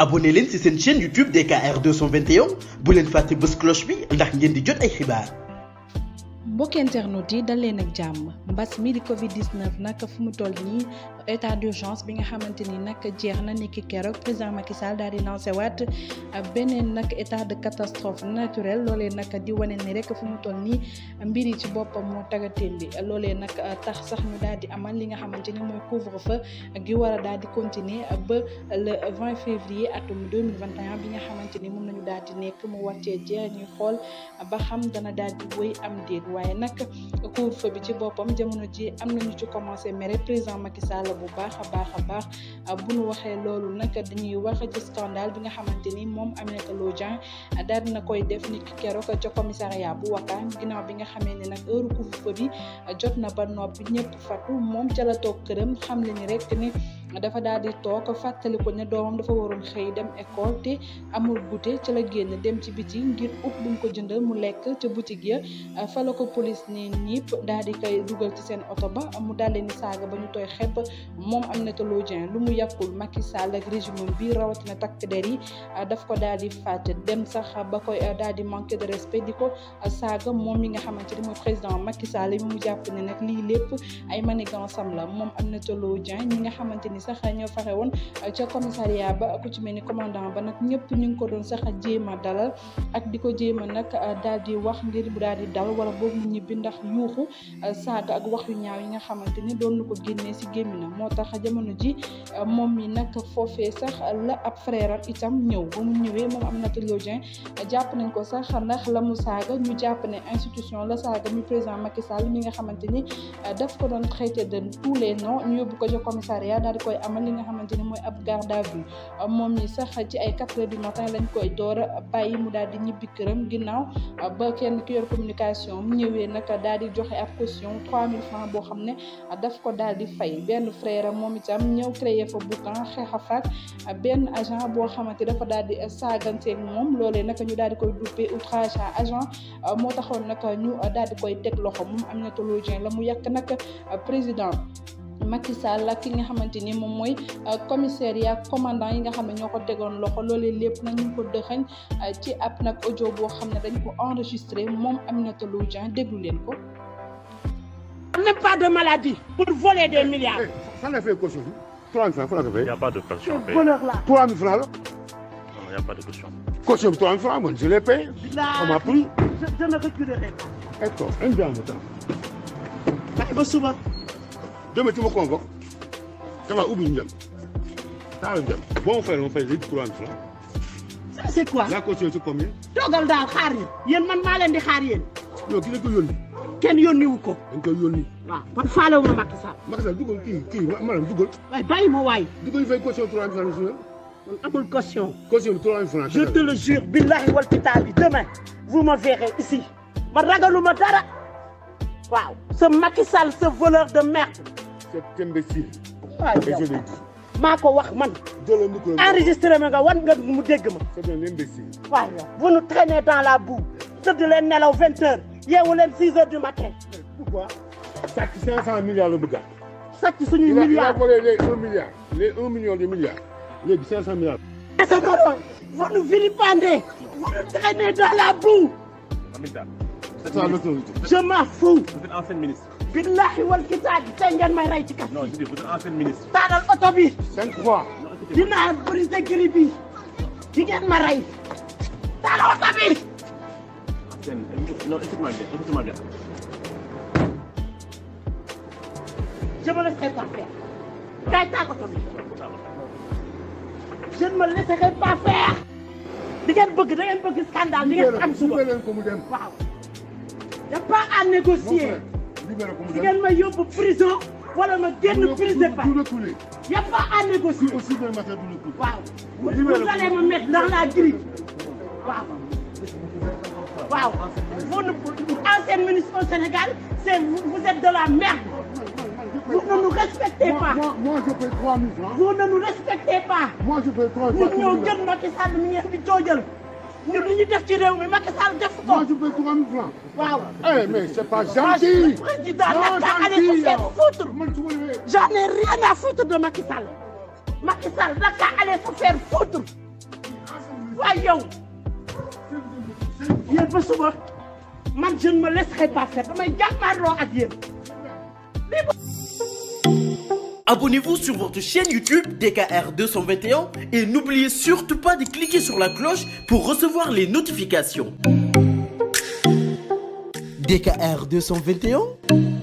abonné leen ci seen chaîne YouTube DKR 221 bu leen fàtte bës cloche bi ndax ngeen di jot ay xibaar. mbokki internautes yi dal leen ak jàmm mbas mi di Covid 19 nag fu mu toll nii état d'urgence bi nga xamante ni nag jeex na niki keroog président Macky Sall daal di lancé waat beneen nag état de catastrophe naturelle loolee nag di wane nii rek fu mu toll nii mbir yi ci boppam moo tagatéel li loolee nag tax sax ñu daal di amal li nga xamante ni mooy couvre-feu gi war a daal di continuer ba le 20 février atum 2021 bi nga xamante ni moom nañu daal di nekk mu war cee jeex ñuy xool ba xam dana daal di am déet waaye nag couvre-feu bi ci boppam jamono ji am nañu ci commencé mere président bu baax a baax a baax ah, bu nu waxee loolu nag dañuy wax ci scandale bi nga xamante ni moom Aminata Lo Dieng daal na koy def nit ki keroog ca commissariat bu Ouakam ginnaaw bi nga xamee ne nag heure couvre-feu bi jot na ba noppi ñëpp fatu moom ca la toog këram xam le ni rek ni dafa daal di toog fàttali ko ne doomam dafa waroon xëy dem école te amul goûter ca la génn dem ci biti ngir ut bu mu ko jëndal mu lekk ca boutique ya ah, fa la ko police ni ñipp daal di koy dugal ci seen oto ba mu daal moom Aminata Lô Dieng lu mu yàqul Macky Sall ak régime bi rawatina takk der yi ah, daf ko daal di fàtte dem sax ba koy ah, daal manqué de respect di ko ah, saaga moom mi nga xamante ni mooy président Macky Sall mu jàpp ne nag lii lépp ay manigance am la moom Aminata Lô Dieng ñi nga xamante ni sax ñoo fexe woon ca commissariat ba ku ci mel ni commandant ba nag ñëpp ñu ngi ko doon sax jéem a dalal ak di ko jéem a nag daal di wax ngir bu daal di dal wala boobu mu ñibbi ndax yuuxu saaga ak wax yu ñaaw yi nga xamante ni doon na ko génnee si gémminam moo tax jamono ji moom mi nag foofee sax la ab frère am itam ñëw ba mu ñëwee moom Aminata Lô Dieng jàpp nañ ko sax ndax la mu saaga ñu jàpp ne institution la saaga mi président Macky Sall mi nga xamante ni daf ko doon traité de tous les noms ñu yóbbu ko ci commissariat daal di koy amal li nga xamante ni mooy ab garde à moom mi sax ci ay quatre heures du matin lañ koy door a bàyyi mu daal di ñibbi këram ginnaaw ba kenn ki yor communication mu ñëwee nag daal di joxe ab caution boo xam ne daf ko daal di fay frère am moom itam ñëw créé fa boucan xeex benn agent boo xamante dafa daal saagan saaganteeg moom loolee naka ñu daal di koy duppee outrage agent moo taxoon nag ñu daal di koy teg loxo moom Aminata Lô Dieng la mu yàq nag président Macky Sall ak ki nga xamante ni moom mooy commissaire ya commandant yi nga xam ne ñoo ko tegoon loxo lépp nag ñu ko dëxañ ci ab nag audio boo xam ne dañ ko enregistré moom Aminata Lô Dieng déglu leen ko. on de maladie pour voler des milliards. fan la fay caution bi 3000 francs fan la ko fay. y' a pas de caution payée bonheur là. 3000 francs la. non y' a pas de caution. caution bi 3000 francs man je l' ai payé. on m' a pris. je je ne reculerai pas. d'accord un grand mot tax. ba suba. demain tu me convoques. dama ubbi ñu dem. saa yu dem boo ma fay ma fay léegi 3000 francs. ça c'est quoi. la caution c'est combien. toogal daal xaar yi yéen man maa leen di xaar yéen. non ki ko yónni. kenn yónni wu ko. dañ koy yónni. waaw kon faale wu ma Macky Sall. Macky kii kii maanaam dugal. waaye bàyyi ma waay. dugal fay caution trois mille trois mille francs. le jure billahi wal kitaabi demain vous me verrez ici. ma ragaluma dara. waaw ce Macky se ce voleur de merde. maa ko wax man. jëloon micro bi enregistré nga wan nga mu dégg ma. c'est un dans la boue tëdd nelaw vingt yeewu leen 6 heures du matin. pourquoi. sàcc 500 milliards la bëgg a. sàcc suñuy milliards il a il les 1 milliard les 1 million de milliards léegi 500 milliards. sa morom. vous nous vilipendez. vous nous traînez dans la boue. Aminta. je m'en fous. vous êtes ancien ministre. billahi wal kitaab tey ngeen may rey ci kat. non je dis vous êtes ancien ministre. taalal oto bi. cinq fois. dinaa brisé gris bi. di ngeen ma rey. taalal oto bi. loolu effectivement bien effectivement bien. je me laisserai pas faire. kaay bëgg da bëgg scandale di ngeen ko mu waaw. y' a pas à négocier. ko ma yóbbu prison. wala ma génn prise de part y' a pas à négocier. aussi waaw waaw. waaw. police au Sénégal, c'est vous, vous, êtes de la merde. Vous ne nous respectez pas. Vous ne nous respectez pas. Moi, je paye 3 000 francs. Nous, nous, jeunes Macky Sall, nous, nous, ñun li ñu def ci réew mi Macky Sall def ko. moi je paye 3000 francs. waaw eh mais c'est pas gentil. président nag daa allé se foutre. j'en ai rien à foutre de Macky Sall. Macky Sall faire foutre. man je ne me laisserai pas faire damay jàmmaarloo ak yéen. Abonnez-vous sur votre chaîne YouTube DKR 221 et n'oubliez surtout pas de cliquer sur la cloche pour recevoir les notifications. DKR 221.